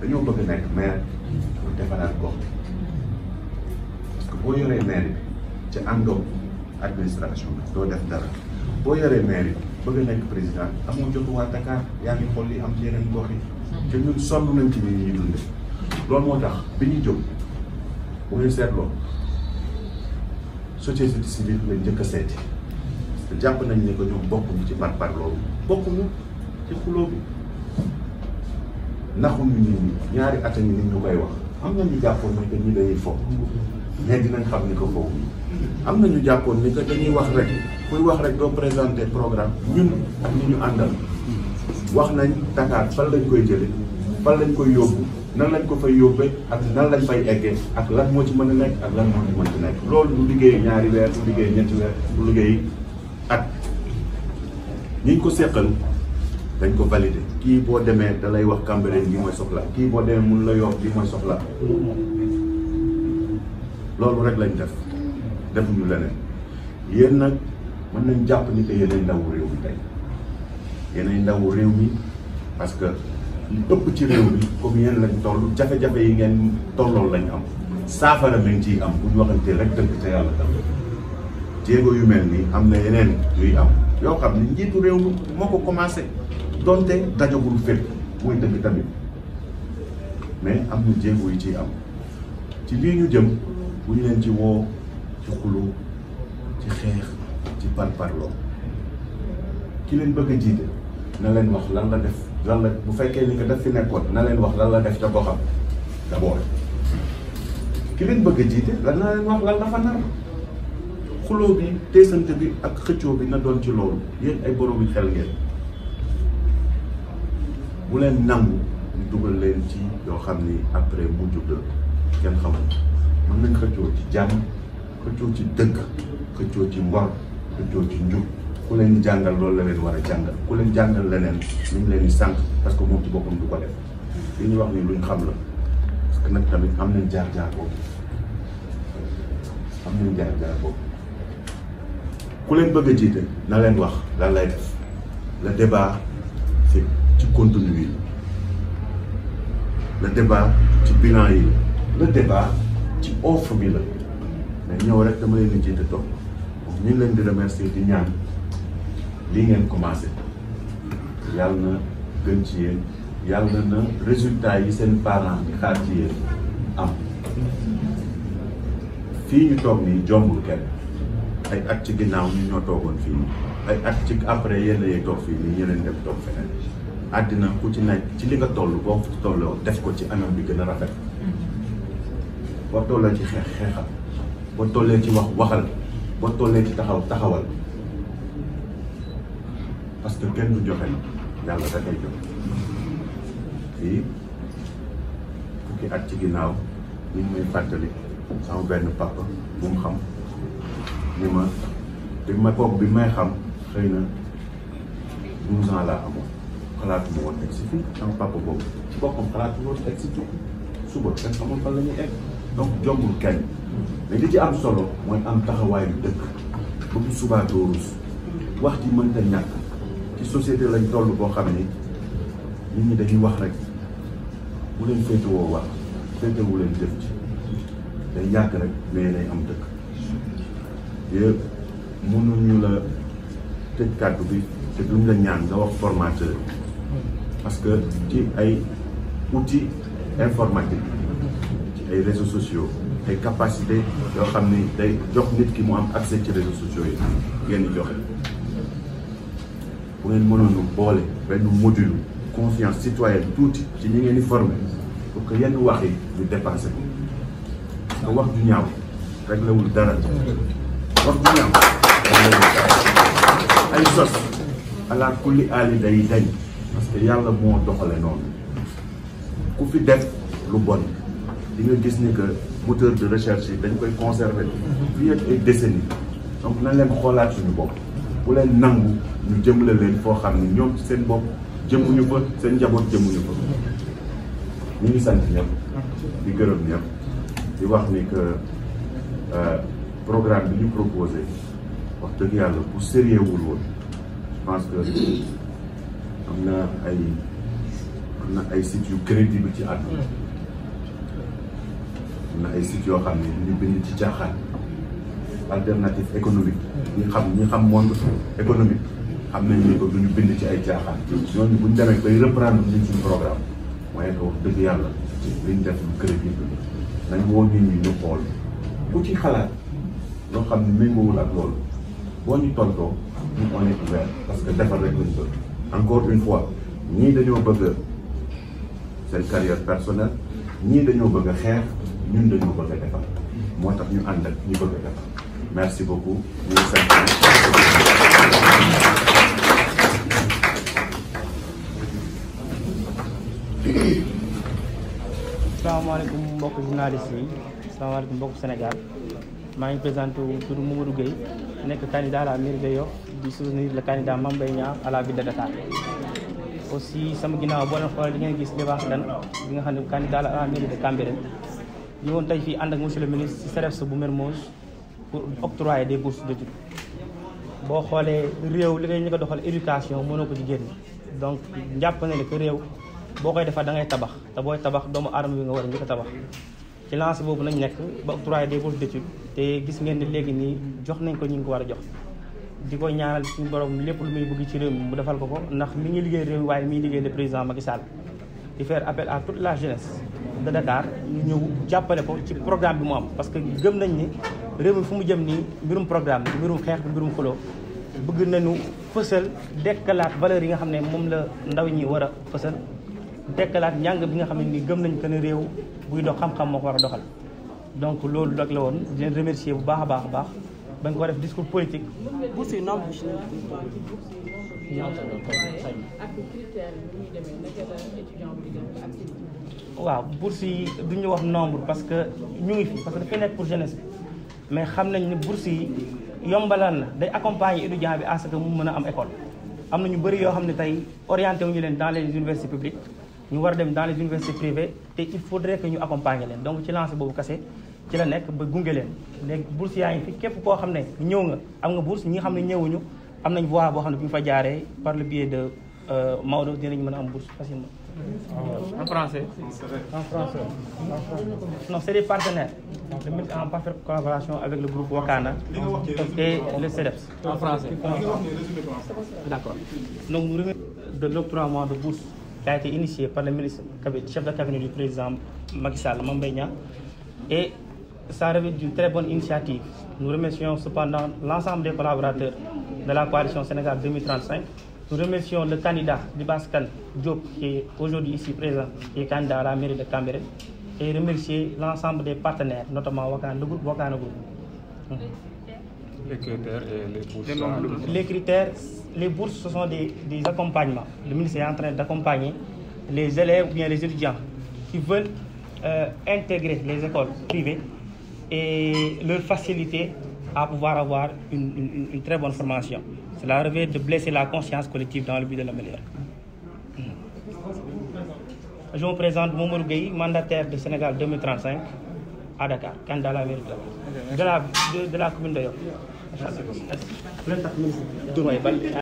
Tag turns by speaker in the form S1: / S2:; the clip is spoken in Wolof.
S1: dañoo bëgg nekk maire pour defaraat gox bi parce que boo yoree maire ci àndoo administration bi doo def dara boo yoree maire bi bëgg nekk président amoo jotu waa Dakar yaa am ci yeneen gox yi te ñun sonn nañ ci nit ñuy dunde moo tax bi ñuy jóg bu ñu seetloo société civile lañ njëkk a seeti parce que jàpp nañ ne ko ñu bokkuñu ci par par loolu bokkuñu ci xuloo bi naxuñu nit ñi ñaari at a ngi nit ñu koy wax am na ñu jàppoon ni que ñu dañuy fo mais dinañ xam ni ko foofu am na ñu jàppoon ni que dañuy wax rek kuy wax rek doo présenter programme ñun ak ñi ñu àndal wax nañ Dakar fan lañ koy jële fan lañ koy yóbbu nan lañ ko fay yóbbee ak nan lañ fay eggee ak lan moo ci mën a nekk ak lan moo ci mën a nekk loolu du liggéey ñaari weer du liggéey ñetti weer du liggéey at ñiñ ko seqal dañ ko validé kii boo demee da lay wax Cambérène lii mooy soxla kii boo demee mun la yox lii mooy soxla loolu rek lañ def defuñu leneen yéen nag mën nañ jàpp ni que yéenay ndawu réew mi tey yéenay ndawu réew mi parce que li ëpp ci réew mi comme yéen lañ toll jafe-jafe yi ngeen tollool lañ am saafara mi ngi ciy am bu ñu rek dëgg ca yàlla tam jéego yu mel nii am na yeneen yuy am yoo xam ni njiitu réew mi moo ko commencé donte dajagul fépp mooy dëgg tamit mais am na jéego yi ciy am ci lii ñu jëm bu ñu leen ci woo ci xuloo ci xeex ci parparloo ki leen bëgg a jiite na leen wax lan la def lan la bu fekkee ni nga def fi nekkoon na leen wax lan la def da ko xam d'abord ki leen bëgg a jiite lan na leen wax lan la fa nar xuloo bi teesante bi ak xëccoo bi na doon ci loolu yéen ay boroomi xel ngeen bu leen nangu dugal leen ci yoo xam ni après mu judd kenn xamul mën nañ xëccoo ci jàmm xëccoo ci dëgg xëccoo ci ngor xëccoo ci njub ku leen jàngal loolu la leen war a jàngal ku leen jàngal leneen ñu ngi leen yi sànq parce que moom ci boppam du ko def li ñuy wax ni luñ xam la parce que nag tamit am nañ jaar-jaar boobu am nañ jaar-jaar boobu ku leen bëgg a jiite na leen wax lan lay def le débat. continuer le débat ci bilan yi le débat ci offre bi la mais ñëw rek dama leen di jiite topp ñu ngi leen di remercier di ñaan lii ngeen commencé yàlla na gën ci yéen yàlla na résultat yi seen parents di xaar ci yéen am fii ñu toog nii jombul kenn ay at ci ginnaaw ñu ñoo toogoon fii ay at ci après yenn yee toog fii nii ñeneen dem toog feneen àddina ku ci nekk ci li nga toll boo ko tolloo def ko ci anam bi gën a rafet boo tolloo ci xeex xeexal boo tollee ci wax waxal boo tollee ci taxaw taxawal parce que kenn joxe na yàlla da koy joxe fii fukki at ci ginnaaw ñu muy fàttali sama benn papa bu mu xam ni ma bi ma kook bi may xam xëy na douze laa am xalaatuñu woon egg si fii sama papa boobu ci boppam xalaatuñu woon egg si fii suba kenn xamul fan la ñuy egg donc jombul kenn mais li ci am solo mooy am taxawaayu dëkk bu ñu subaa wax ji mënta ñàkk ci société lañ toll boo xam ne nit ñi dañuy wax rek bu leen féetewoo wax féetewu leen jëf day yàgg rek mais day am dëkk yëpp mënuñu la tëj kàddu bi te duñ la ñaan nga wax formateur parce que ci ay outils informatique ci ay réseaux sociaux ay capacité yoo xam ni day jox nit ki mu am accès ci réseaux sociaux yi ngeen di joxe bu ngeen mënoon boole benn module confiance citoyenne tuuti ci ñu ngeen di former pour que yenn wax yi ñu dépassé ko wax ju ñaaw rek lawul dara wax ju ñaaw ay sos ala kulli aali dañ parce que yàlla moo doxale noonu ku fi def lu bon di nga gis ni que moteur de recherche yi dañ koy conserver mhm. fii ak ay décennies donc nañ leen xoolaat suñu bopp bu leen nangu ñu la leen foo xam ne ñoom seen bopp jëmuñu fa seen njaboot jëmuñu fa ñu ngi sant ñëpp di gërëm ñëpp di wax ni que euh, programme bi ñu proposé wax dëgg yàlla bu sérieux wul woon je am na ay am na ay sites yu crédible ci àdduna na ay sites yoo xam ne ñu bind ci caaxaan alternative économique ñi xam ñi xam monde économique xam nañ ni ko duñu bind ci ay caaxaan ñooñu buñ demee ay reprendre ñun suñu programme waaye ko wax dëgg yàlla liñ def lu crédible nañ woo nit ñi ñu xool ku ci xalaat loo xam ne méngoowul ak loolu boo ñu tontoo ñu on est ouvert parce que defar rek lañ bëgg encore une fois ñii dañoo bëgg seen carrière personnelle ñii dañoo bëgg xeex ñun dañoo bëgg defar moo tax ñu ànd ak ñu bëgg a defar merci beaucoup ñu ngi sant.
S2: salaamaaleykum mbokk journaliste yi salaamaaleykum mbokk Sénégal maa ngi présenté wu tudd Mamadou Gueye nekk candidat à la mairie di soutenir le candidat Mame Mbaye Niang à la ville de Dakar aussi sama ginnaaw boo leen xoolee di ngeen gis Libaas Dan bi nga xam ne candidat la à la mairie de Cambérène ñëwoon tey fii ànd ak monsieur le ministre ci CREPS bu Mermoz pour octroyer des bourses d'études boo xoolee réew li ngay ñu ko doxal éducation mënoo ko jigéen ñi donc njàpp na ne que réew boo koy defar da ngay tabax te booy tabax doomu aadama bi nga war a njëkk a tabax ci lancé boobu nañ nekk ba octroyer des bourses d'études te gis ngeen ne léegi nii jox nañ ko ñu ngi ko war a jox di ko ñaanal suñu borom lépp lu muy bëgg ci réew mu defal ko ko ndax mi ngi liggéey réew waaye muy ngi liggéey le président Macky di faire appel à toute la jeunesse de Dakar ñu ñëw jàppale ko ci programme bi mu am parce que gëm nañ ni réew fu mu jëm nii mbirum programme mbirum xeex bi mbirum xuloo bëgg nañu fësal dekkalaat valeurs yi nga xam ne moom la ndaw ñi war a fësal dekkalaat njàng bi nga xam ne ni gëm nañ que ne réew buy dox xam-xam moo ko war a doxal donc loolu rek la woon di bu baax a baax a baax ba nga ko def discours politique. bourse yi non bourse yi. waaw bourse du ñu wax nombre parce que ñu ngi fi parce que dafay nekk pour jeunesse mais xam nañ ne bourse yi yombalal na day accompagner étudiant bi à ce que mu mën a am école. am na ñu bëri yoo xam ne tey orienté wu ñu leen dans les universités publiques ñu war a dem dans les universités privées te il faudrait que ñu accompagner leen donc ci lancé boobu kese. ci la nekk ba gunge leen léegi bourse yaa ngi fi képp koo xam ne ñëw nga am nga bourse ñi nga xam ne ñëwuñu am nañ voie boo xam ne bu ñu fa jaaree par le biais de euh, Maodo dinañ mën am bourse facilement. en français. en français. non c' est des le ministre en parfaite collaboration avec le groupe Wakana et le CEDEPS. en français.
S1: d' accord.
S2: donc nous de l'octroi de bourse qui a été initié par le ministre chef de cabinet du président Macky ça révèle d'une très bonne initiative. Nous remercions cependant l'ensemble des collaborateurs de la coalition Sénégal 2035. Nous remercions le candidat Libaskan Diop qui est aujourd'hui ici présent, qui est candidat la mairie de Cambérène, et remercier l'ensemble des partenaires, notamment Wakan, le groupe Wakan le groupe. Les critères et les bourses Les sont des, des accompagnements. Le ministre est en d'accompagner les élèves ou bien les étudiants qui veulent euh, intégrer et leur faciliter à pouvoir avoir une, une, une très bonne formation. Cela revêt de blesser la conscience collective dans le but de l'améliorer. Je présente Momoru Gueye, mandataire de Sénégal à Dakar, candidat à la mairie de la, de, de
S1: commune de